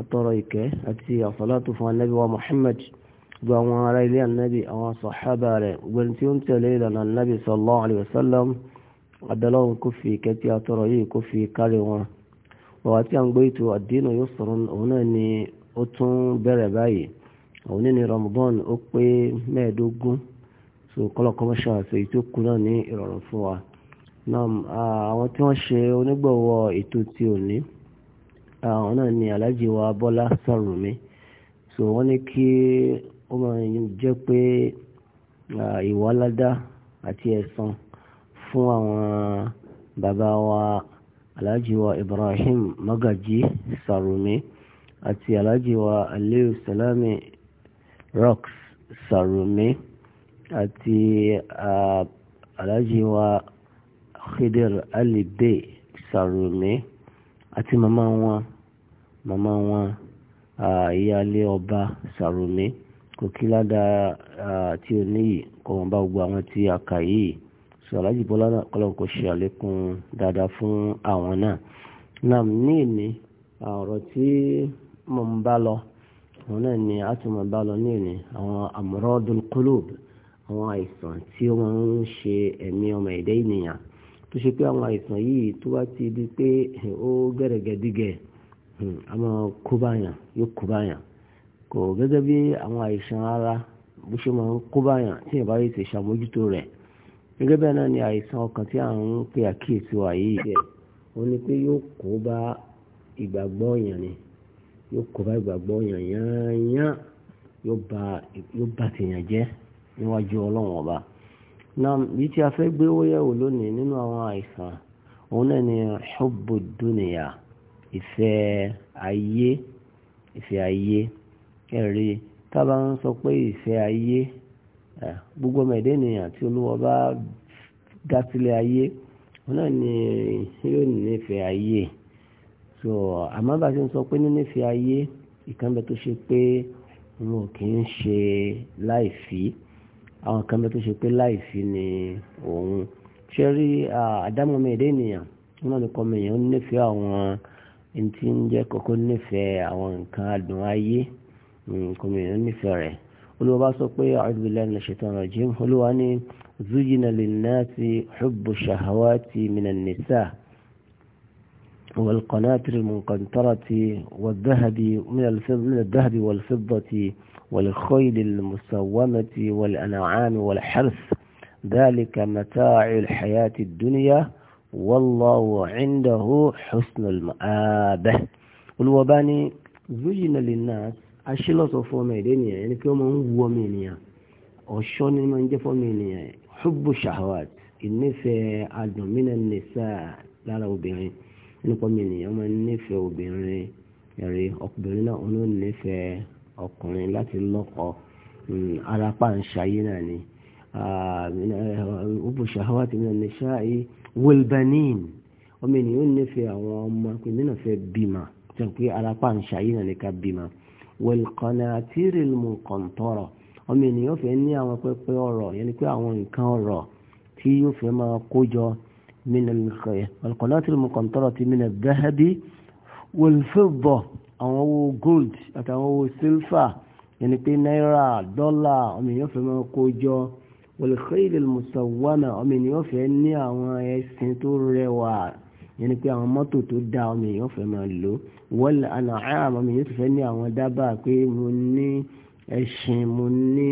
atọrọ ìkẹ́ àti àfọlátò fún anábì wa muhammad gba àwọn ará ilé anábì àwọn sọ̀hábà rẹ̀ gbẹ̀ni tí ó ń tẹ̀lé ìlànà anábì sallallahu alayhi wa sallam adalọ́hun kó fi ìkẹ́ tí atọrọ yìí kó fi kárí wọn. wàá tí a ń gbé ètò àdínà yóò sọ̀rọ̀ òun náà ni ó tún bẹ̀rẹ̀ báyìí òun ní ni ramadan ó pé mẹ́ẹ̀ẹ́dógún so kọ́lọ́kọ́mọ́ṣà àti èyí tó kù náà ní ìrọ̀rùn fún wa. náà àwọn tí wọ́n ṣe onígbọ̀wọ́ ètò ti òní àwọn ah, náà ni aláàjì wa bọ́lá sọ̀rùmí so wọ́n ní kí ó máa jẹ́ pé ah, ìwáládá àti ẹ̀san fún àwọn bàbá wa aláàjì wa ibrahim magaji sọ̀rùmí àti aláàjì wa aliyu salami rocks sọ̀rùmí àti ah, aláàjì wa khidir alibé sọ̀rùmí àti mama wọn. Mama wọn ìyáálé ọba sàrùmí kò kí ládàá tí ó níyì kọ́ wọn bá gbogbo àwọn tí a kà yìí sọ̀rọ̀ àjìbọ́lá náà kọ́lọ́n kò ṣe àlékún dáadáa fún àwọn náà. nam ní ìní ọ̀rọ̀ tí mo ń bá lọ àwọn náà ni a tún máa bá lọ ní ìní àwọn amradul qulub àwọn àìsàn tí ó máa ń ṣe ẹ̀mí ọmọ ẹ̀dá ènìyàn tó ṣe pé àwọn àìsàn yìí tó bá ti di pé ó gẹ̀rẹ̀gẹ̀dígẹ̀ a hmm, ma kó báyàn yóò kó báyàn kò gẹ́gẹ́ bí àwọn àìsàn ara bó ṣe máa ń kó báyàn tí ìbá yìí ti ṣàmójútó rẹ̀ gẹ́gẹ́ bẹ́ẹ̀ náà ni àìsàn ọkàn tí à ń pe wa yìí ó ní pé yóò kó bá ìgbàgbọ́ a ìfẹ́ ayé ìfẹ́ ayé ẹ̀rí tábà ń sọ pé ìfẹ́ ayé gbogbo ọmọ ẹ̀dẹ́ ènìyàn tí olúwa bá dá sílẹ̀ ayé wọn náà ni yóò nífẹ̀ẹ́ ayé so àmọ́ bá a ṣe ń sọ pé nínífẹ̀ẹ́ ayé ìkànnì tó ṣe pé wọn ò kì í ṣe láìfí àwọn kan tó ṣe pé láìfí ni òun ṣe rí àdámọ́mọ ẹ̀dẹ́ wọn náà ni kọ́mọ èèyàn nífẹ̀ẹ́ àwọn ntí ń jẹ́ kókó nífẹ̀ẹ́ àwọn nǹkan adùn ayé nǹkan mìíràn nífẹ̀ẹ́ rẹ̀ olúwa bá sọ pé a'udhu billahi minash shaitani rajim olúwa ní zuyina linnasi hubbu shahawati minan nisa والقناطر المقنطرة والذهب من من الذهب والفضة والخيل المسومة والأنعام والحرث ذلك متاع الحياة الدنيا wallahu indahu husnul ma'abah olúwa bá ní zuyina linnas aṣílọ́sọ fọmọ èdè nìyẹn ẹni pé ó máa ń wu ọmọ ènìyàn ọ̀ṣọ́ ni máa ń jẹ́ fọmọ ènìyàn hubbu shahawat ìnífẹ̀ẹ́ adùn minan nisa lára obìnrin ẹni pọ́mọ ènìyàn máa ń nífẹ̀ẹ́ obìnrin ẹ̀rí ọkùnrin náà òun ló nífẹ̀ẹ́ ọkùnrin láti lọ́kọ hmm, ara pàǹṣáyé náà ni ah, hubbu shahawat minan nisa'i wilbanin ọmọ ènìyàn nífẹ̀ẹ́ àwọn ọmọ pé nínà fẹ́ bímọ jẹ́ pé arapa ń ṣàyí náà ní ká bímọ wilqanatir almuqantara ọmọ ènìyàn fẹ́ ní àwọn pẹpẹ ọrọ̀ yẹn ni pé àwọn nǹkan ọrọ̀ tí yóò fẹ́ máa kójọ alqanatir almuqantara ti min adh-dhahabi wal-fidda àwọn owó gold àtàwọn owó silver yẹn ni pé náírà dọ́là ọmọ ènìyàn fẹ́ máa kójọ wòlùkọ́ìlì mùsàwọ́nà ọmọ ènìyàn fẹ́ ní àwọn ẹṣin tó rẹwà yẹn ni pé àwọn mọ́tò tó dá ọmọ ènìyàn fẹ́ máa lò wọ́n àná àmọ́ ọmọ ènìyàn fẹ́ ní àwọn dábàá pé mo ní ẹṣin mo ní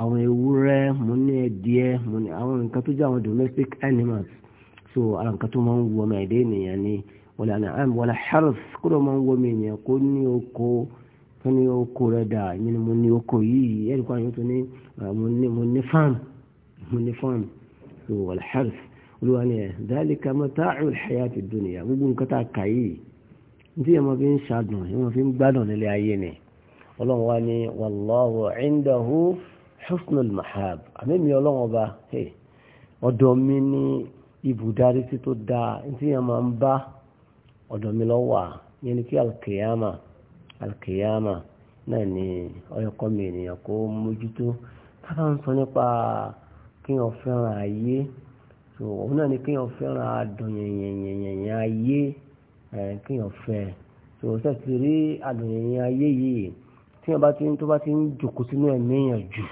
àwọn ewúrẹ́ mo ní ẹdìẹ mo ní àwọn nǹkan tó jẹ́ àwọn domestic animals so àwọn nǹkan tó máa ń wọ ọmọ ẹ̀dẹ́ ènìyàn ni wọ́n àná àmọ́ wọ́n kúrò máa ń wọ ọmọ ènìyàn kó ní oko wọ́n ní oko rẹ̀ dà èmi ni mo ní oko yìí ẹ̀rí kan yóò tún ní mo ní fáàmù mo ní fáàmù so alḥarf olúwa ni ẹ̀ dhalika mata'u al-hayati ad-dunya gbogbo nǹkan tá a kà yìí ní tí yẹn máa fi ń ṣàdùn yẹn máa fi ń gbádùn nílé ayé ni ọlọ́run wa ni wallahu indahu husnul mahab àmì mi ọlọ́run tó dáa ní yẹn máa ń bá ọ̀dọ̀ mi lọ́wọ́ yẹn ni kí alkiyama. alkiyama náà ni ọyọkọ mi ènìyàn kó mójútó tábà ń sọ nípa kí wọn fẹ́ràn ayé so òun náà ni kí wọn fẹ́ràn ayé kí so sẹ́sì rí adùn ayé yìí tí wọn bá ti tó bá ti ń jòkó sínú ẹ̀mí yẹn jù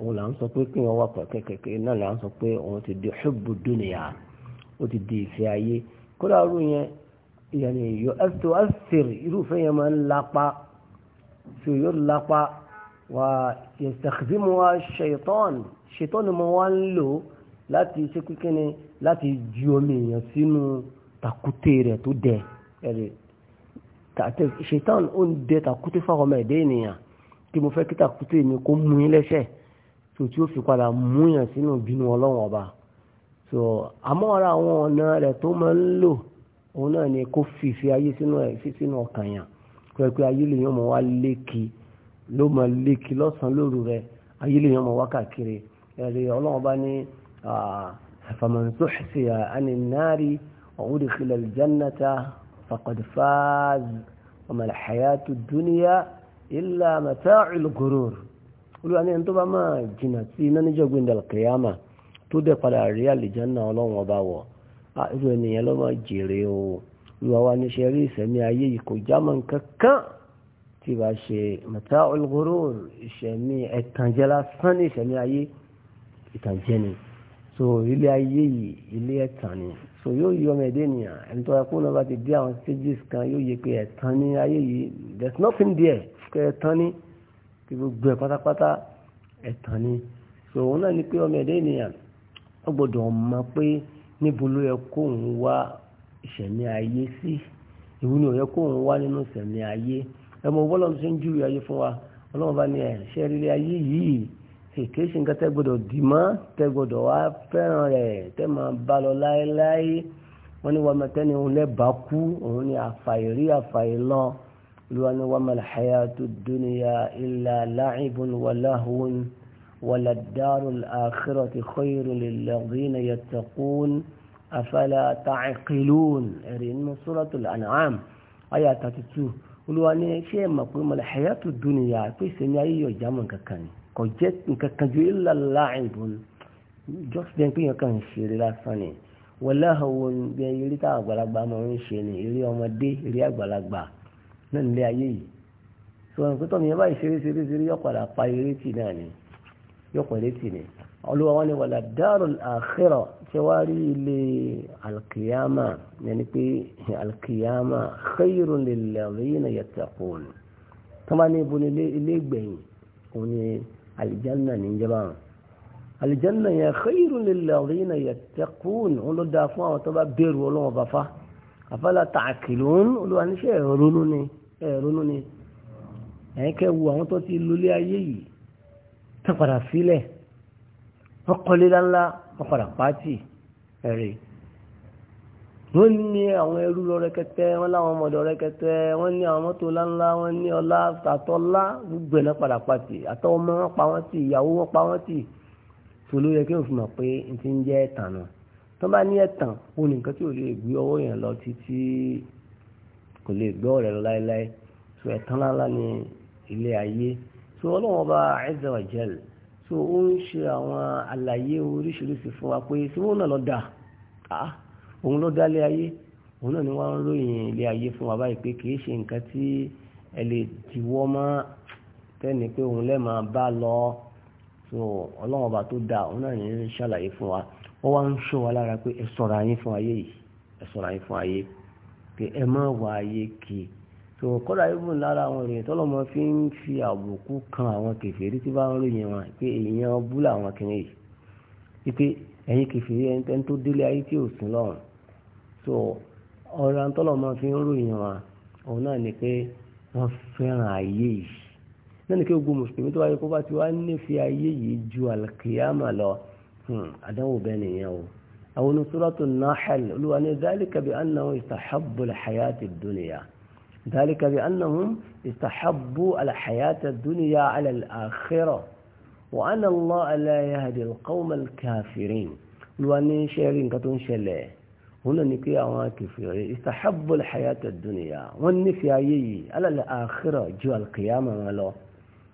òun là ń sọ pé kí wà pọ̀ kékeré náà là ń sọ pé òun ìyàní yóò ẹ́fẹ́tò ẹ́fẹ́rì irúfẹ́ yẹn máa ń lápá tí yóò lápá wà yẹ̀sẹ̀kìdìmọ̀ wa ṣètọ́n ṣètọ́n mọ́ wá ń lò láti ṣe kíkẹ́ ni láti ju omi èèyàn sínú takute rẹ̀ tó dẹ̀ ẹ̀rẹ̀ ṣètọ́n ó ń dẹ takute fáwọn ọmọ ènìyàn kí mo fẹ́ kí takute mi kó mú yín lẹ́sẹ̀ tó tí ó fi padà mú yàn sínú ìbínú ọlọ́wọ̀n ọba so àmọ́ ara àwọn ọ̀nà rẹ̀ tó máa ń lò òun náà ni kó fi ìfẹ́ ayé sínú ẹ̀ fi sínú ọkàn yàn pé pé ayé lèyàn mọ̀ wá lékì ló mọ̀ lékì lọ́sàn-án lóru rẹ̀ ayé lèyàn mọ̀ wá káàkiri ẹ̀rẹ̀ ọlọ́run bá ní fàmọ̀nsóṣìṣì ànínáàrí ọ̀hún lè filẹ̀ jannata faqad faz ọmọ àlàyàtò dúníyà ilà mẹ́ta ìlúgòrò olúwa ní ẹni tó bá máa irú ènìyàn ló máa jèrè o ìwà wa ní ṣe rí ìsẹ̀mí ayé yìí kò jámọ́ nǹkan kan tí bá ṣe mata'ul ghurur ìsẹ̀mí ẹ̀tànjẹ lásán ní ìsẹ̀mí ayé ìtànjẹ ni so ilé ayé yìí ilé ẹ̀tàn ni so yóò yọ ọmọ ẹ̀dẹ́ nìyàn ẹni tó ẹkún náà bá ti dé àwọn stages kan yóò yẹ pé ẹ̀tàn ní ayé yìí there nothing there kẹ ẹ̀tàn ní kí gbogbo ẹ̀ pátápátá ẹ̀tàn ni so òun náà ni pé ọmọ ẹ̀dẹ́ nìyàn ó gbọ́dọ̀ pé níbo ló yẹ kó òun wá ìṣẹ̀mí ayé sí ìwú ni ò yẹ kó òun wá nínú ìṣẹ̀mí ayé ẹ mọ bọ́lá tó ń júwe ayé fún wa ọlọ́run bá ní ẹ̀ṣẹ́ rere ayé yìí kèké ṣe nǹkan tẹ́ gbọ́dọ̀ dì tẹ́ gbọ́dọ̀ wá fẹ́ràn rẹ̀ tẹ́ máa bá lọ láéláé wọ́n ní wàá mẹ́tẹ́ni òun lẹ́bàá kú òun ní àfàìrí àfàìlọ́ ló wà ní wàá mẹ́lẹ̀ hayatu dunya illa la'ibun wa lahun. وللدار الآخرة خير للذين يتقون أفلا تعقلون إرين سورة الأنعام آية 32 Olúwa ní ṣé ẹ mọ̀ pé malhayatu dunya pé ìsinmi ayé yóò jámọ́ nǹkan kan ni kò jẹ́ nǹkan kan ju illa la'ibun just then pé yẹn kàn ń ṣeré lásán ni walahwun bí ẹ eré táwọn àgbàlagbà máa ń ṣe ni eré ọmọdé eré àgbàlagbà náà nílé ayé yìí sọ̀rọ̀ pé tọ́mìyàn báyìí ṣeré ṣeré ṣeré yọ̀padà pa eré tì náà ni yóò pẹ̀lẹ́ tì ní olúwa wọn ni wàlá dárò àkírọ̀ tí wàá rí ilé alkiyama yẹni pé alkiyama khayrun lil ladhina yattaqun tó bá ní ibo ní ilé gbẹ̀yìn òun ni alìjánà ní ìjọba wọn alìjánà yẹn khayrun lil ladhina yattaqun òun ló dáa fún àwọn tó bá bẹ̀rù ọlọ́wọ́ bá àfàlà ta'qilun olúwa níṣẹ́ ẹ̀rọ ronú ẹ̀rọ ronú ni wo àwọn tó ti lólé ayé yìí tán padà sílẹ̀ wọ́n kọ́lé lánlá wọ́n padà pàtì ẹ̀rẹ̀ wọ́n ní àwọn ẹrú lọ rẹ́kẹ́tẹ́ wọ́n láwọn ọmọdé rẹ́kẹ́tẹ́ wọ́n ní àwọn mọ́tò lánlá wọ́n ní ọlá àtọ́lá gbogbo ẹ̀ náà padà pàtì àtọ́wọ́ mọ́ wọn pa wọ́n tì ìyàwó wọn pa wọ́n tì tó ló yẹ kí òfin mọ̀ pé n ti ń jẹ́ ẹ̀tàn náà tó bá ní ẹ̀tàn ó ní nǹkan tí ò lè gbé ọwọ́ yẹn lọ títí kò lè gbé ọ̀rẹ́ lọ láéláé so ẹ̀tàn lánlá ni ilé ayé so ọlọ́wọ́n ọba azza wa jal so ó ń ṣe àwọn àlàyé oríṣiríṣi fún wa pé síbò náà lọ dà á ah, òun ló dá lé ayé òun náà ni wọ́n ń ròyìn ilé ayé fún wa báyìí pé kì í ṣe nǹkan tí ẹ lè diwọ́ mọ́ tẹ́ni pé òun lẹ́ẹ̀ máa bá lọ so ọlọ́wọ́n ọba tó dá òun náà ní ń ṣàlàyé fún wa wọ́n wá ń ṣọ́ wa lára pé ẹ ṣọ́ra yín fún ayé yìí ẹ ṣọ́ra yín fún ayé pé ẹ má wá ayé kìí so kọ́dà ibùn lára àwọn ènìyàn tọ́lọ́mọ fi ń fi àbùkù kan àwọn kèfèrí tí bá ń ròyìn wọn pé èèyàn bú làwọn kìnìún yìí wípé ẹ̀yin kèfèrí ẹni tó délé ayé tí ò sùn lọ́run so ọ̀rọ̀ àtọ́lọ́mọ fi ń ròyìn wọn òun náà ni pé wọ́n fẹ́ràn ayé yìí náà ni pé mùsùlùmí tó wáyé kó bá ti wá nífẹ̀ẹ́ ayé yìí ju àlùkìyàmà lọ hmm, àdánwò bẹ́ẹ̀ nìyẹn o àwọn Suratul Nahl olúwa ní zálìkà bí annahum istahabbu al ذلك بأنهم استحبوا الحياة الدنيا على الآخرة وأن الله لا يهدي القوم الكافرين لواني شيرين كتون شلي هنا نكي أوان كفيري استحبوا الحياة الدنيا والنفيايي على الآخرة جو القيامة ولو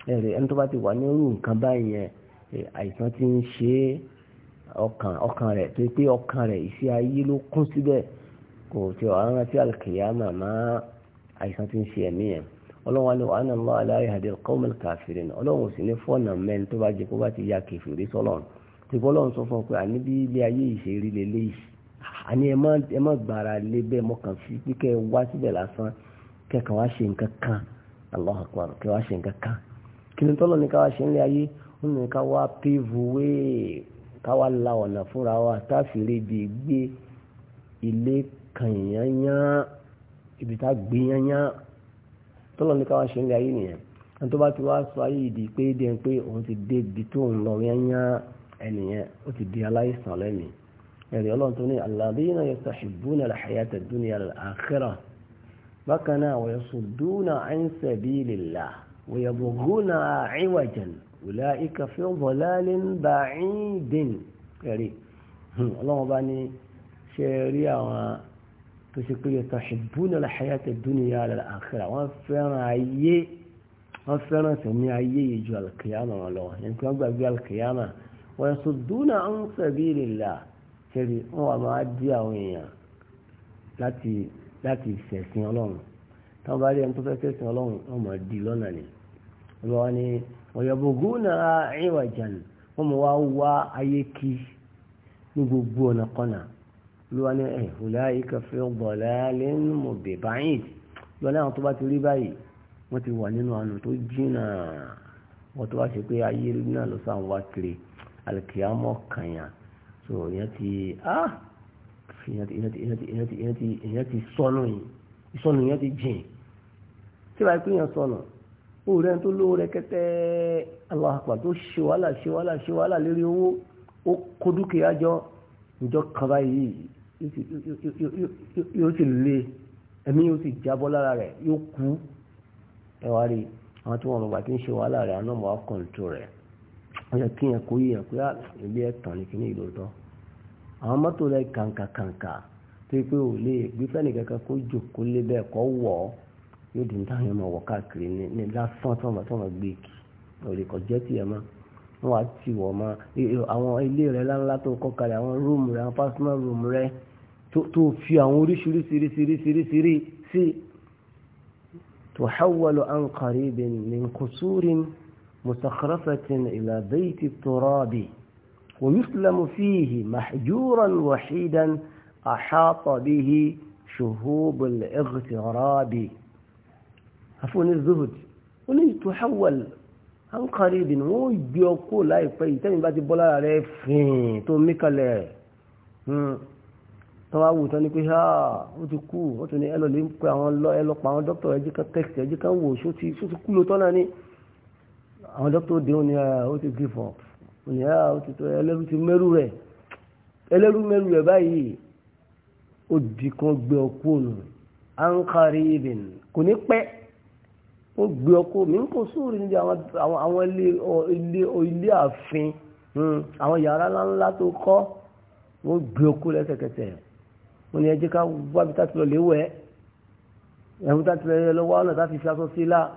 ẹ̀rẹ̀ ẹni tó bá ti wà ní irú nǹkan báyìí yẹn àìsàn ti ń ṣe ọkàn ọkàn rẹ̀ tó pé ọkàn rẹ̀ ìṣe ayé ló kún síbẹ̀ kò tí ọ̀ràn tí alkiyama àìsàn tí ń ṣe ẹ̀mí yẹn ọlọ́run wa ni wàá nà lọ́wọ́ aláyé àdé kọ́mẹ́lì kàfìrì náà ọlọ́run sì ní fọ́ọ̀nà mẹ́rin tó bá jẹ kó bá ti ya kẹfìrí sọlọ́run tí bọ́lọ́run sọ fún ọ pé àní bí ilé ayé ìṣèrí lélẹ́yìí àní ẹ má gbára lé bẹ́ẹ̀ mọ́kàn sí pé kẹ́ ẹ wá síbẹ̀ lásán kẹ́kàn wá ṣe nǹkan kan Allahu ilé kànyányán ibi tá gbé yányán tọ́lọ́ ní káwá ṣe ń lé ayé nìyẹn ẹni tó bá ti wá sọ ayé ìdí pé dé ń pé òun ti dé ibi tó ń lọ yányán ẹnìyẹn ó ti di aláìsàn lẹ́mìí ẹ̀rí ọlọ́run tó ní alladhina yastahibbuna al-hayata ad-dunya ala bákan náà wa yasudduna an sabilillah wa yabghuna 'iwajan ulaika fi dhalalin ba'idin ẹ̀rí ọlọ́run bá ní ṣe tó ṣe pé yẹtọ̀ ṣùgbọ́n aláhàyàtẹ̀ dúnìyà àlàáfíà wọ́n fẹ́ràn ayé wọ́n fẹ́ràn tẹ̀mí ayé yìí ju alkiyama wọn lọ yẹn kí wọ́n gbàgbé alkiyama wọ́n yẹ sọ̀dúnà ń sabilillah ṣẹ́bi wọ́n wà máa dí àwọn èèyàn láti láti ṣẹ̀sìn ọlọ́run táwọn bá rí ẹni tó fẹ́ ṣẹ̀sìn ọlọ́run wọ́n máa dí lọ́nà ni wọ́n ní ọ̀yọ̀bùgúnà ìwàjàn wọ́n mọ̀ wá wá ayé kí ní gbogbo ọ̀nà kọ́nà ló wá ní ẹ̀hùlá ìkẹfẹ́ bọ̀lá lẹ́nu mọ̀bẹ̀ báyìí lọ́lá àwọn tó bá ti rí báyìí wọ́n ti wà nínú àánú tó jìnnà wọ́n tó bá ṣe pé ayé náà ló sàn wá kiri alìkìyàmọ́ kànyà so ìyẹn ti ah ìyẹn ti sọnù yìí ìsọnù yẹn ti jìn tí wàá pín yẹn sọnù ó rẹ tó lówó rẹ kẹtẹ Allahu tó ṣe wàhálà ṣe wàhálà ṣe wàhálà lérí owó ó kó dúkìá jọ ìjọ kan báyìí yóò sì lé ẹ̀mí yóò sì jábọ́ lára rẹ̀ yóò kú ẹ wá rí àwọn tí wọ́n mọ̀ bàtí ń ṣe wàhálà rẹ̀ àwọn ọmọ akọ̀ǹtò rẹ̀ wọ́n yẹ kí yẹn kó yí yẹn pé ah, ilé ẹ̀tàn ní kíní ìlú tán àwọn mọ́tò rẹ̀ kàǹkà kàǹkà tó yẹ pé ò lè gbé fẹ́ni kankan kó jòkó lé bẹ́ẹ̀ kọ́ wọ̀ ọ́ yóò dín táwọn yẹn mọ̀ káàkiri ní lásán tó wọn tó wọn gbé kì òrì kò jẹ́ tiẹ̀ mọ́ wọ́n á ti wọ̀ mọ́ àwọn ilé rẹ̀ láńlá tó kọ́ kalẹ̀ àwọn rúùmù rẹ̀ àwọn pásítọ́mù rúùmù rẹ̀ سري سري سري سري sí تحول عن قريب من قصور musakhrafatin إلى بيت التراب ويسلم فيه محجورا وحيدا أحاط به شهوب الاغتراب عفوا الزهد ولن تحول عن قريب ويقول لا يفاي تاني بعد بولا عليه فين توميك tọ́wọ́ wù tán ni pé ha ó ti kú ó tún ní ẹ lọ lè ń pe àwọn lọ ẹ lọ pa àwọn dókítà ẹjí kan tẹ́kìtì ẹjí kan wò ṣó ti ṣó ti kú náà ni àwọn dókítà òde òní ó ti gbé fọ̀ òní ó ti tó ẹlẹ́rú ti mẹ́rù rẹ̀ ẹlẹ́rú mẹ́rù rẹ̀ báyìí ó di kan gbé ọkú ònù ankari ibìn kò ní pẹ́ ó gbé ọkú mi ń kó níbi àwọn ilé ààfin hmm, àwọn yàrá ńláńlá tó kọ́ wọ́n gbé ọkú lẹ́sẹ̀kẹsẹ̀ wọ́n ní ẹjẹ́ ká wá bí tátìlọ lè wẹ̀ ẹ̀hún tátìlọ yẹ lọ́wọ́ ọ̀nà tá fi fi aṣọ sí láà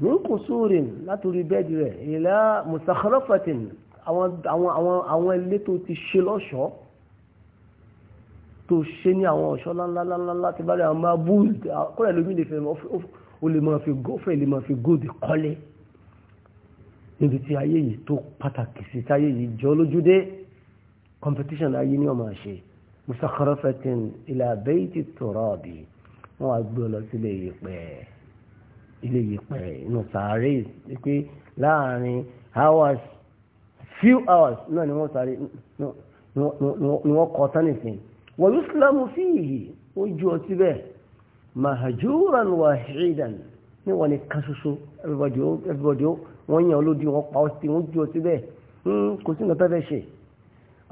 ní kò sóòrè látòrí bẹ́ẹ̀dì rẹ̀ ìlà mùsàkọ́lọ́fẹ̀tìn àwọn ilé tó ti ṣe lọ́ṣọ́ tó ṣe ní àwọn ọ̀ṣọ́ ńláńláńlá ti bá rí àwọn máa bú kọ́lẹ̀ lómi lè fẹ́ o lè máa fi góòdì kọ́lé níbi tí ayé yìí tó pàtàkì sí táyé yìí jọ lójú competition ayé ní ọmọ àṣẹ musakharafatin ila bayti turabi wọ́n wá gbé lọ sílé yẹ̀pẹ̀ ilé yẹ̀pẹ̀ inú sàárè pé láàrin hours few hours náà ni wọ́n sáré ni wọ́n kọ́ tán nìsín wọ́n yóò sílámù fíìhì ó ju ọtí bẹ́ẹ̀ mahajuran wahidan ní wọ́n ni kan ṣoṣo everybody wọ́n yàn olódi wọ́n pa ọtí wọ́n ju ọtí bẹ́ẹ̀ hmm, kò sí nǹkan tó fẹ́ ṣe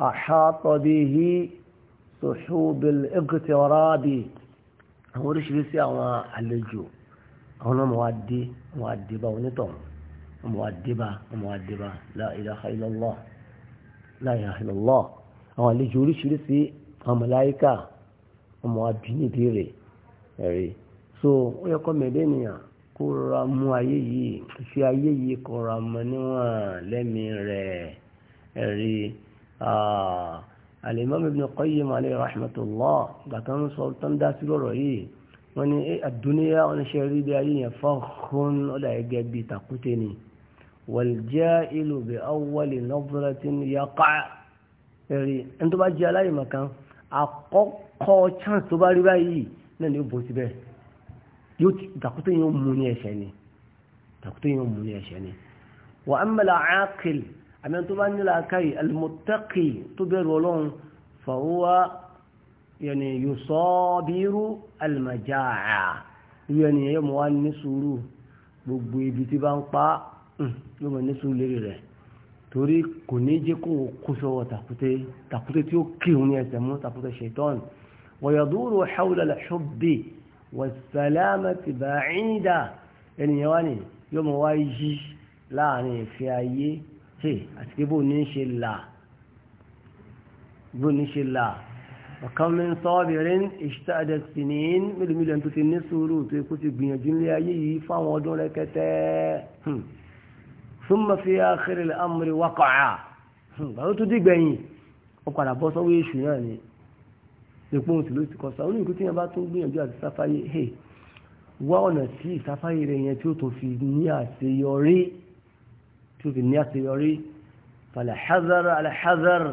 àhátọ́ bíi sòṣùbìl ẹgbẹ̀tì ọ̀ráàbì àwọn oríṣiríṣi àwọn àlejò àwọn ọmọ wa dé wọn àdébá onítọ̀hún ọmọ wa débá ọmọ wa débá la ilaha illallah la ilaha illallah àwọn àlejò oríṣiríṣi àwọn màláíkà ọmọ wa bí níbi rẹ̀ ẹ̀rí so ó yẹ kọ́ mẹ́lẹ́nìyàn kó ra mú ayé yìí fi ayé yìí kó ra mọ́ níwọ̀n lẹ́mìí rẹ̀ ẹ̀rí الإمام ابن القيم عليه رحمة الله قطان سلطان داسل رأيه وني الدنيا ونشري بأيه فخ ولا يجب تقتني والجائل بأول نظرة يقع ẹ̀rí ẹni tó bá jẹ́ aláìmọ̀ kan àkọ́kọ́ chance tó bá rí báyìí náà ni ó bọ́ síbẹ̀ yóò dàkútẹ́ yóò mú ní ẹ̀ṣẹ̀ ni dàkútẹ́ yóò mú ní ẹ̀ṣẹ̀ ni wa amma al-aqil àmì tó bá nílà káyì almuttaqi tó bẹ̀rù ọlọ́run fàwọ́wá yẹni yusabiru almaja'a irú ẹni yẹ mọ̀ wá ní sùúrù gbogbo ibi tí bá ń pa yóò mọ̀ ní sùúrù lérí rẹ̀ torí kò ní jẹ́ kó kó sọ́wọ́ tàkúté tàkúté tí ó kírun ní ẹsẹ̀ mú tàkúté ṣaitan wa yaduru hawla al-hubbi was yẹ wá ní yóò mọ̀ wá yí láàrin ìfẹ́ ayé tè àti pé bó ní ṣe là bó ní ṣe là ọ̀kan mi ń sọ ọ́bìnrin ìṣtàdẹ̀sì ní mélòó mílíọ̀nù tó ti ní sùúrù tó kó ti gbìyànjú ní ayé yìí fáwọn ọdún rẹ̀kẹ̀tẹ̀ súnmọ́ hmm. fi àkèrè amúrí wákàá gbàrú tó dìgbẹ̀yìn ó padà bọ́ sọ́wọ́ èṣù náà ni èpo òsì ló ti kọ sọ oníkú tí yẹn bá tún gbìyànjú àti sáfáyé wá ọ̀nà tí ìsáfáyé rẹ̀ yẹn tí ó tó fi ní àṣeyọrí tó fi ní àṣeyọrí falẹ̀ hazard alẹ́ hazard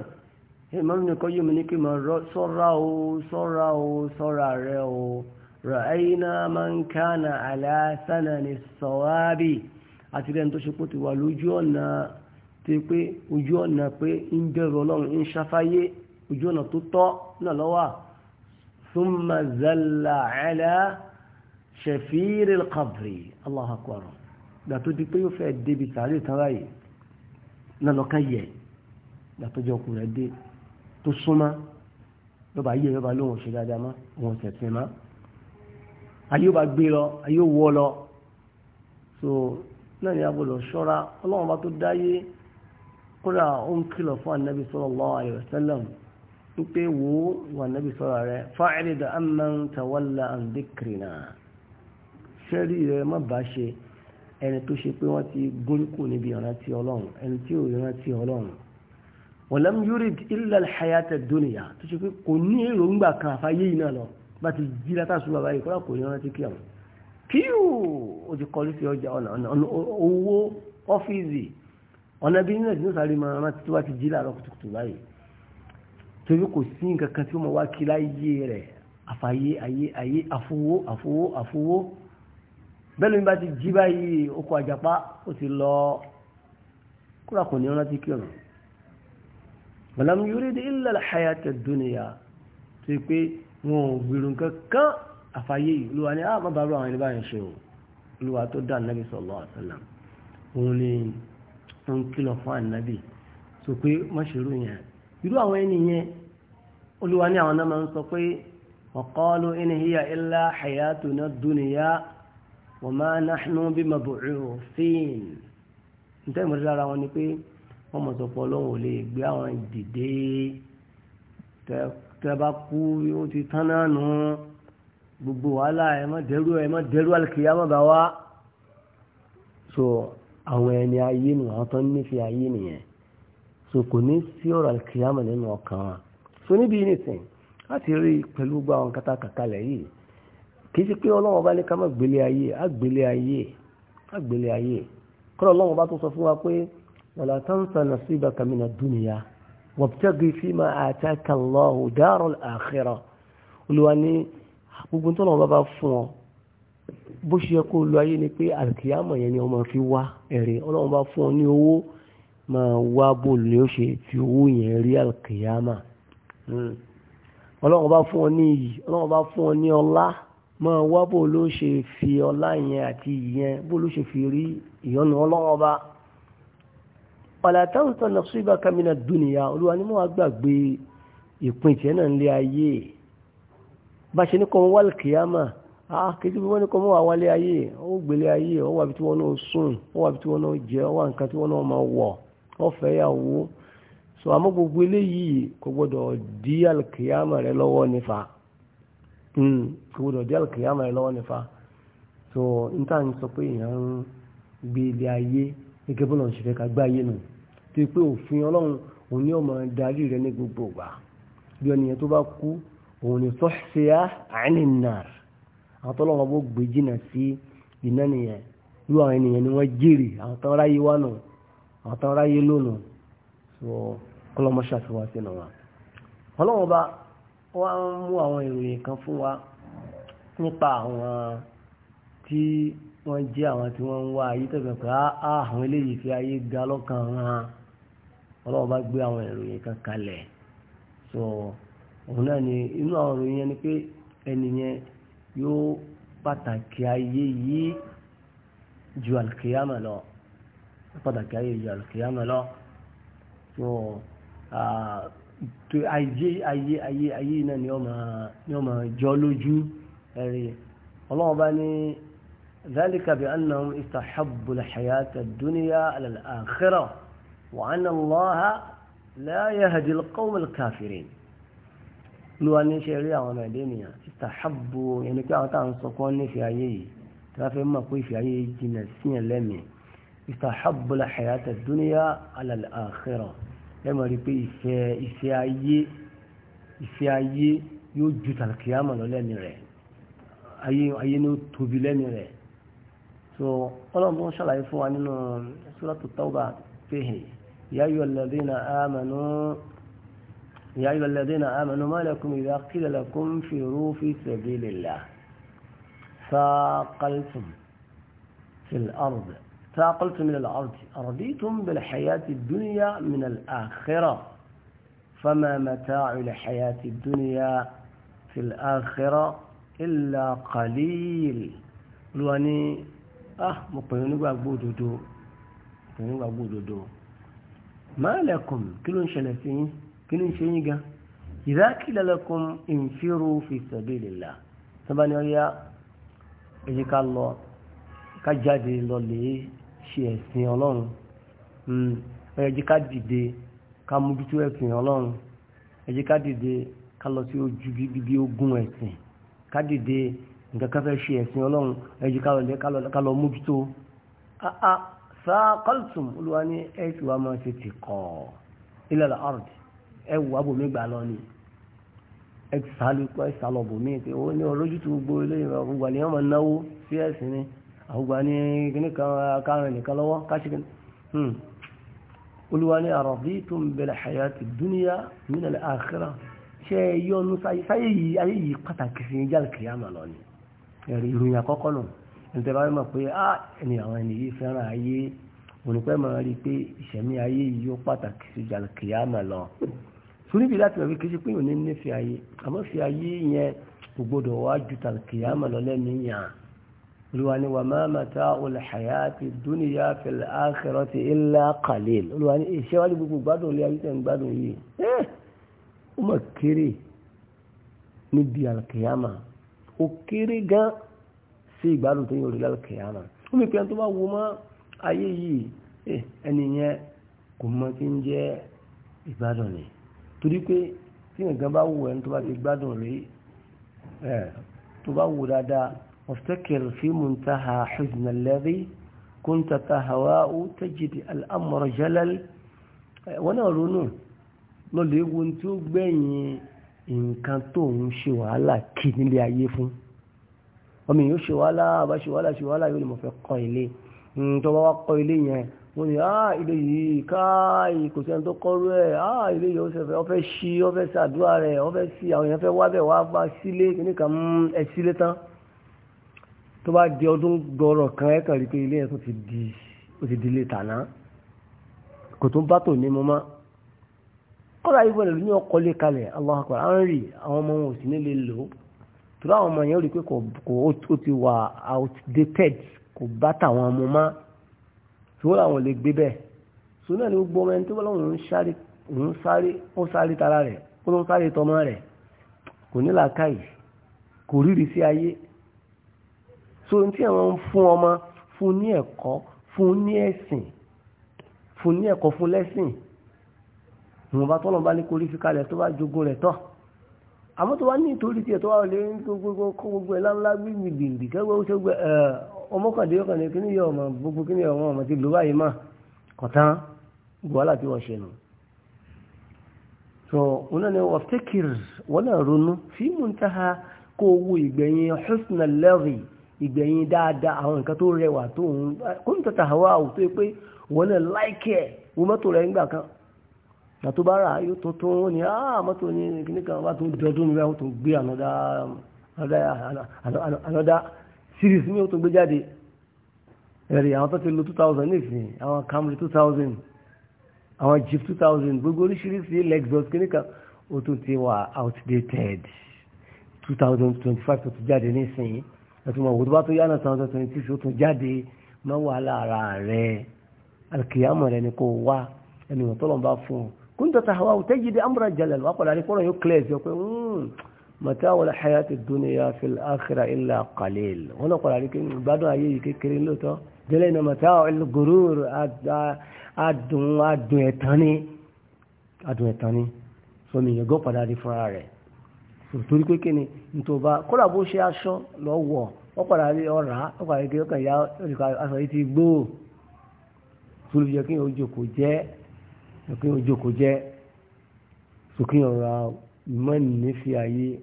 ìmọ̀rún nìkan yóò mi ní kí mọ̀ sọ́ra o sọ́ra o sọ́ra rẹ o ra'ayna man kana ala sanani sawabi àti rẹ̀ tó ṣe pé ti wà lójú ọ̀nà ti pé ojú ọ̀nà pé ń bẹ̀rù ọlọ́run ń ṣafáyé ojú ọ̀nà tó tọ́ thumma zalla ala shafiril qabri Allahu akbar gbà tó di pé yóò fẹ́ débi sàárè tán láàyè náà lọ́kàn yẹ gbà tó jọ ọkùnrin dé tó súnmọ́ lọ́ba yẹ lọ́ba lóhùn ṣe dáadáa má òun ṣẹ̀sìn má ayé ó bá gbé lọ ayé ó wọ́ lọ so náà ni a gbọ́dọ̀ ṣọ́ra ọlọ́run bá tó dáyé kódà ó ń kìlọ̀ fún anabi sallallahu alaihi wasallam wípé wo wà anabi sọ̀rọ̀ rẹ fa'rid amman tawalla an dhikrina ṣẹ́rí rẹ má bá ṣe ẹni tó ṣe pé wọ́n ti gún kù níbi ìrántí ọlọ́run ẹni tí ò ìrántí ọlọ́run walam yurid illa al-hayata ad-dunya tó ṣe pé kò ní èròǹgbà kan àfáyé yìí náà lọ bá ti jí látà sùn bàbá yìí kọ́lá kò ní rántí kí àwọn kíù ó ti kọlu sí ọjà ọ̀nà owó ọ́fíìsì ọ̀nà bí nílẹ̀ tí ó sáré máa rántí tó bá ti jí láàárọ̀ kùtùkùtù báyìí torí kò sí nǹkan kan tí ó mọ̀ wá kí láyé rẹ̀ àfàyé ayé ayé àfowó àfowó àfowó bẹ́ẹ̀ ló bá ti jí báyìí okò àjàpá ó ti lọ kúrò kò ní rántí kírun walam yurid illa al-hayata ad-dunya tó yẹ pé wọn ò gbèrò kankan àfàyè yìí olúwa ni a ah, bàbá rú àwọn ẹni báyìí ṣe o olúwa tó dá nàbì sallallahu alaihi wasallam òun ni ó ń kìlọ̀ fún ànábì tó pé mọ́ṣẹ́rú yẹn irú àwọn ẹni yẹn olúwa ni àwọn náà máa ń sọ pé wa qalu in hiya illa hayatuna ad-dunya wama nahnu bimabu'uthin nítorí mo rí lára wọn ni pé wọ́n mọ̀ sọ pé ọlọ́run ò lè gbé àwọn dìde tẹ́ bá kú ó ti tán náà nù gbogbo wàhálà ẹ má dẹ́rù ẹ má dẹ́rù àlùkìyà má bá wá so àwọn ẹni ayé nù àwọn tó ń nífẹ̀ẹ́ ayé nìyẹn so kò ní sí ọ̀rọ̀ àlùkìyà mọ̀ nínú ọkàn wa so níbi yìí nìsín láti rí pẹ̀lú gbogbo àwọn kátàkàkalẹ̀ yìí kìí pé ọlọ́wọ́n bá ní ká má gbélé ayé àgbélé ayé àgbélé ayé kọ́ ọlọ́wọ́n bá tó sọ fún wa pé wala tansa nasibaka mina dunya wabtaghi fima ataka Allahu daral akhirah olùwà ní gbogbo tó lọ́wọ́ bá bá fún ọ bó ṣe yẹ kó lu ayé ni pé àlùkìyàmọ̀ yẹn ni ọmọ fi wá ẹ̀rẹ̀ ọlọ́wọ́n bá fún ọ ní owó máa wá bóòlù ni ó ṣe fi owó yẹn rí àlùkìyàmọ̀ hmm. ọlọ́wọ́n bá fún ọ ní iyì ọlọ́wọ́n bá fún ọ ní ọlá máa wá bó ló ṣe fi ọlá yẹn àti ìyẹn bó ló ṣe fi rí ìyọnu ọlọ́wọ́ bá pàlàtàwùn tó nàṣú ibà kàmínà dúnìyà olúwa ni mo wá gbàgbé ìpín tiẹ̀ náà nílé ayé bá ṣe ní kọ́ wọ́n wá kìyàmà ah, kìí bí wọ́n ní kọ́ mọ́ àwálé ayé ó gbélé ayé ó wà bí tí wọ́n náà sùn ó wà bí tí wọ́n náà jẹ ó wà nǹkan tí wọ́n náà máa wọ̀ ó fẹ́ yàwó so àmọ́ gbogbo eléyìí kò gbọ́dọ̀ dí àlùkìyàmà rẹ lọ́wọ́ nífà gbọdọ̀ jẹ́ àlùkìyàmà rẹ lọ́wọ́ nífa so níta ń sọ pé èèyàn ń gbé ilé ayé gẹ́gẹ́ bọ́lọ̀ ń ṣe fẹ́ ká gbá ayé nù tó pé òfin ọlọ́run òun ni ó máa darí rẹ ní gbogbo ìgbà bí ọnìyàn tó bá kú òun ni sọ́ṣẹ́yà àìnìnàr àwọn tọ́lọ́wọ́ bó gbé jìnnà sí iná nìyẹn irú àwọn ènìyàn ni wọ́n jèrè àwọn tán ráyé wá nù àwọn tán ráyé lónù so kọ́lọ́mọṣàfihàn sínú wa ọlọ́run bá wá ń mú àwọn ìròyìn kan fún wa nípa àwọn tí wọ́n jẹ́ àwọn tí wọ́n ń wá ayé tẹ̀gbọ̀n pé ah, ah, àwọn eléyìí fi ayé ga lọ́kàn wọn ọlọ́wọ́ bá gbé àwọn ìròyìn kan kalẹ̀ so òun náà ni inú àwọn ìròyìn yẹn ni pé ẹnìyẹn yóò pàtàkì ayé yìí ju alkiyama lọ pàtàkì ayé ju alkiyama lọ so. Uh, tó ayé ayé ayé ayé náà ni ọmọ jọ lójú ẹ̀rí ọlọ́wọ́ bá ní ذلك بأنهم استحبوا الحياة الدنيا على الآخرة وأن الله لا يهدي القوم الكافرين ló wá ní ṣe rí àwọn ọmọ ẹ̀dẹ́ ènìyàn títà ṣàbò ẹni pé àwọn táwọn sọ pé wọ́n nífẹ̀ẹ́ ayé yìí tí fẹ́ mọ̀ pé ìfẹ́ yìí jìnnà síyàn lẹ́mìí títà ṣàbò la dúníyà alàlẹ́ ẹmọ̀ mọ̀ rí pé ìfẹ́ ìfẹ́ ayé ìfẹ́ ayé yóò ju tàlùkìyàmọ̀ lọ lẹ́nu rẹ̀ ayé ayé ni ó tóbi lẹ́nu rẹ̀ so ọlọ́run ṣàlàyé fún wa nínú suratu tawba fihì ya ayyuha alladhina amanu ya ayyuha alladhina amanu ma lakum idha qila lakum firu fi sabilillah saqaltum fil ard ثاقلت من الأرض أرضيتم بالحياة الدنيا من الآخرة فما متاع الحياة الدنيا في الآخرة إلا قليل لواني أبو دودو بأبودو أبو دودو ما لكم كل شلفين كل شيء إذا كلا لكم انفروا في سبيل الله ثمانية إجيك الله كجادي لولي ṣe ẹ̀sìn ọlọ́run hmm, ẹ jẹ́ ká dìde ká mójútó ẹ̀sìn ọlọ́run ẹ jẹ́ ká dìde ká lọ sí ojú bíbí ogun ẹ̀sìn ká dìde nǹkan ká fẹ́ ṣe ẹ̀sìn ọlọ́run ẹ jẹ́ ká lọ mójútó sàkọ́lùtùm olúwa ní ẹ̀sì wa máa ṣe ti kọ̀ ilẹ̀ ọ̀rọ̀d ẹwù abòmí gbà lọ ni ẹ̀sì sálùkọ́ ẹ̀sì sálọ̀bòmí pé ó ní olójútùú gbogbo ilé ìwà àwùgbà ní kíní kan akárin nìkan lọ́wọ́ káṣíkì hmm. olúwa ní araditum bil hayati dunya min al akhirah ṣe yọnu sáyé yìí ayé yìí pàtàkì sí jàl kìyàmà lọ ni ẹ̀rí ìròyìn àkọ́kọ́ nù ẹ̀ntẹ́ bá mọ̀ pé á ẹni àwọn ẹni yìí fẹ́ràn ayé ònípẹ́ máa rí pé ìṣẹ̀mí ayé yìí yóò pàtàkì sí jàl olúwa ni wà máa mata'ul hayati dunya fil akhirati illa qalil olúwa ni iṣẹ́ wájú gbogbo gbádùn ilé ayé tẹ̀ ń gbádùn yìí ó mà kéré níbi alkiyama ó kéré gan sí ìgbádùn tó yẹ orí alkiyama ó mi pẹ́ẹ́n tó bá wo mọ́ ayé yìí ẹni yẹn kò mọ tí ń jẹ́ ìgbádùn ni torí pé tí nǹkan bá wù ẹni tó bá ti gbádùn rí tó bá wù dáadáa. وافتكر في منتهى حزن الذي كنت تهواء تجد الأمر جلل وانا رونو lọ́lẹ̀ ewu tí ó gbẹ̀yìn nǹkan tó ń ṣe wàhálà kí nílé ayé fún ọmọ èèyàn ṣe wàhálà àbá ṣe wàhálà ṣe wàhálà yóò lè mọ̀ fẹ́ kọ́ ilé tó bá wá kọ́ ilé yẹn wọ́n ní ah ilé yìí káàyè kò sẹ́ni tó kọ́rú ẹ̀ ah ilé yìí ó fẹ́ ṣí ó ṣàdúrà rẹ̀ ó sí àwọn èèyàn fẹ́ wá bẹ̀ wá bá sílé kìnnìkan ẹ̀ sílé tán tó bá di ọdún gbọ́rọ̀ kan ẹ́kàn rí pé ilé ẹ̀ tó ti di ó ti di ilé tàná kò tó bá tò ní mo má kọ́lá yìí wọlé ní ọkọ̀ lé kalẹ̀ Allahu Akbar à ń rí àwọn ọmọ wọn ò nílé lò tó láwọn ọmọ yẹn rí pé kò ó ti wà outdated kò bá tàwọn ọmọ má tí wọ́n làwọn lè gbé bẹ́ẹ̀ so náà ni gbogbo ọmọ ẹni tó bá lọ́wọ́ ń sáré ń sáré ó sáré tara rẹ̀ ó ló sáré tọmọ rẹ̀ kò ní làákàyè kò rírì sí ayé so ní tí àwọn ń fún ọmọ fún ní ẹ̀kọ́ fún ní ẹ̀sìn fún ní ẹ̀kọ́ fún lẹ́sìn ìwọ̀n bá tọ́lọ̀ bá ní korí fi kalẹ̀ tó bá jogún rẹ̀ tọ́ àmọ́ tó bá ní ìtorí tiẹ̀ tó wà lé gbogbo gbogbo ẹ̀ láńlá gbìgbìgbì kẹ́gbẹ́ ó ṣe gbẹ ọmọkàndé ọkàndé kí ni yọ ọmọ gbogbo kí ni ọmọ ọmọ ti lò báyìí mà kọ̀tán buhala ti wọ́n ṣe nù so wọn ni wọ́n fẹ́kìr wọn náà ronú fí muntaha kó owó ìgbẹ̀yìn husna lẹ́rìí ìgbẹ̀yìn dáadáa àwọn nǹkan tó rẹwà tó ń kó ń tẹ̀tà àwa ò tó pé wọ́n náà láìkẹ́ ẹ̀ wọ́n mọ́tò rẹ̀ ńgbà kan àtó bá rà yóò tó tó wọ́n ah, ni áà mọ́tò ní kíní kan wá tó dọdún mi wọ́n tó gbé ànádá series mi wọ́n tó gbé jáde ẹ̀rì àwọn tó ti lo 2000 nìsín àwọn Camry 2000 àwọn Jeep 2000 gbogbo oríṣiríṣi Lexus kíní kan ó tún ti wà outdated 2025 tó ti jáde nísìnyí ẹ̀sùn mọ̀ òkú tó bá tó yánà tán tó tẹ̀yìn tí ó tún jáde máa wà lára rẹ̀ alkiyama rẹ̀ ni kò wá ẹni wọ́n tọ́lọ̀ bá fún un kó ń tọ́ta hawa ò tẹ́jì dé amúra jalẹ̀ wà padà ní kọ́rọ̀ yóò kílẹ̀ ẹ̀sìn ọ̀pẹ́ hmm, mata wal hayati dunya fil akhirah illa qalil wọn náà padà ní kí hmm, gbádùn ayé yìí kékeré lóòótọ́ délé ní mata al-gurur adùn adùn ẹ̀tàn adùn ẹ̀tàn ni sọmi yẹn gọ́ padà fúnra rẹ̀ torí pé kíni nítòbá kódà bó ṣe aṣọ lọ wọ̀ ọ̀pàdà rí ọ̀rá ọ̀pàdà rí ọkàn ìyá òrìkà aṣọ yìí ti gbó torí yẹ kí ojú kò jẹ́ kí ojú kò jẹ́ sókè ọ̀rọ̀ mọ́ nífẹ̀ẹ́ ayé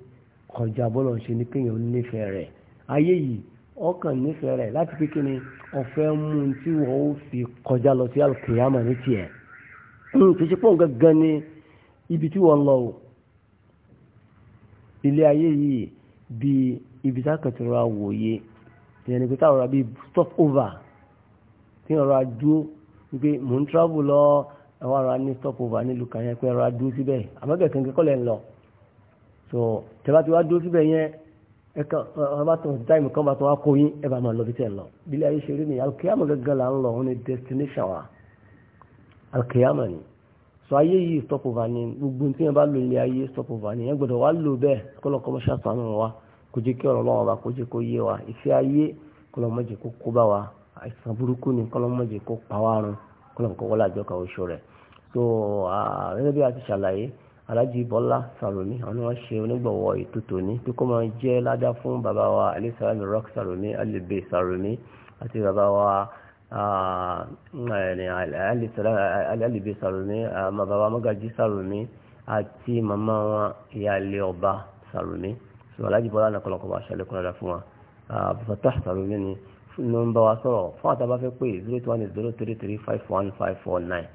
kọjá bọ́lọ̀ ṣe ní kéèyàn nífẹ̀ẹ́ rẹ̀ ayé yìí ọkàn nífẹ̀ẹ́ rẹ̀ láti pé kíni ọ̀fẹ́ mú tí wọ́n ó fi kọjá lọ sí alùkìyàmà ní tiẹ̀ kì í ṣe pọ̀ gangan ni ibi tí wọ́n lọ ilé ayé yìí bí ibi tákàtúrò àwòye ìyẹn ni pé táwọn ọ̀rọ̀ bíi stop over tí ọ̀rọ̀ adúró wípé mò ń travel lọ àwọn ọ̀rọ̀ ní stop over nílùú kan yẹn pé ọ̀rọ̀ adúró síbẹ̀ àmọ́bẹ̀ kankan kọ́lẹ̀ ń lọ so tẹ́bá ti wá dúró síbẹ̀ yẹn ẹ̀ka ọba tó táìmù kan bá tó wá kó yín ẹ bá máa lọ bí tẹ̀ lọ ilé ayé ṣe rí nìyà alùkìyàmù gángan là ń lọ òun ni destination wa alùkìyàmù ni so ayé yìí stop over ni gbogbo tí wọn bá lo ilé ayé stop over ni ẹ gbọ́dọ̀ wá lò bẹ́ẹ̀ kọlọ kọmọṣà sànù wa kò jẹ kí ọ̀rọ̀ lọ́wọ́ wa kò jẹ kó yé wa ìfẹ́ ayé kọlọ kó kó bá wa àìsàn burúkú ni kọlọ kó pa wá run kọlọ wọlé àjọ kan oṣù rẹ so gẹ́gẹ́ bí a ti ṣàlàyé alájí bọlá sàròmí àwọn ni wọn ṣe onígbọ̀wọ́ ètò tòní pé kó máa jẹ ládá fún bàbá wa alẹ sàròmí rock sàròmí alẹ bẹ sàròmí àti bàbá wa alálìbí sàrùmí bàbá mọ́gàjí sàrùmí àti màmá wọn ìyáálé ọba sàrùmí sọ alájìbọ́lá náà kọlọ́kọ́ bá ṣẹlẹ̀ kúrò rẹ̀ fún wa àbùfẹ́tà sàrùmí ni ló ń bá wa sọ̀rọ̀ fún àtàbá fẹ́ pé zero two one zero three three five one five four nine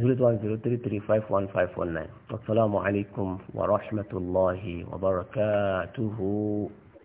zero two one zero three three five one five four nine asalaamualeykum wa rahmatulahi wa barakatuhu.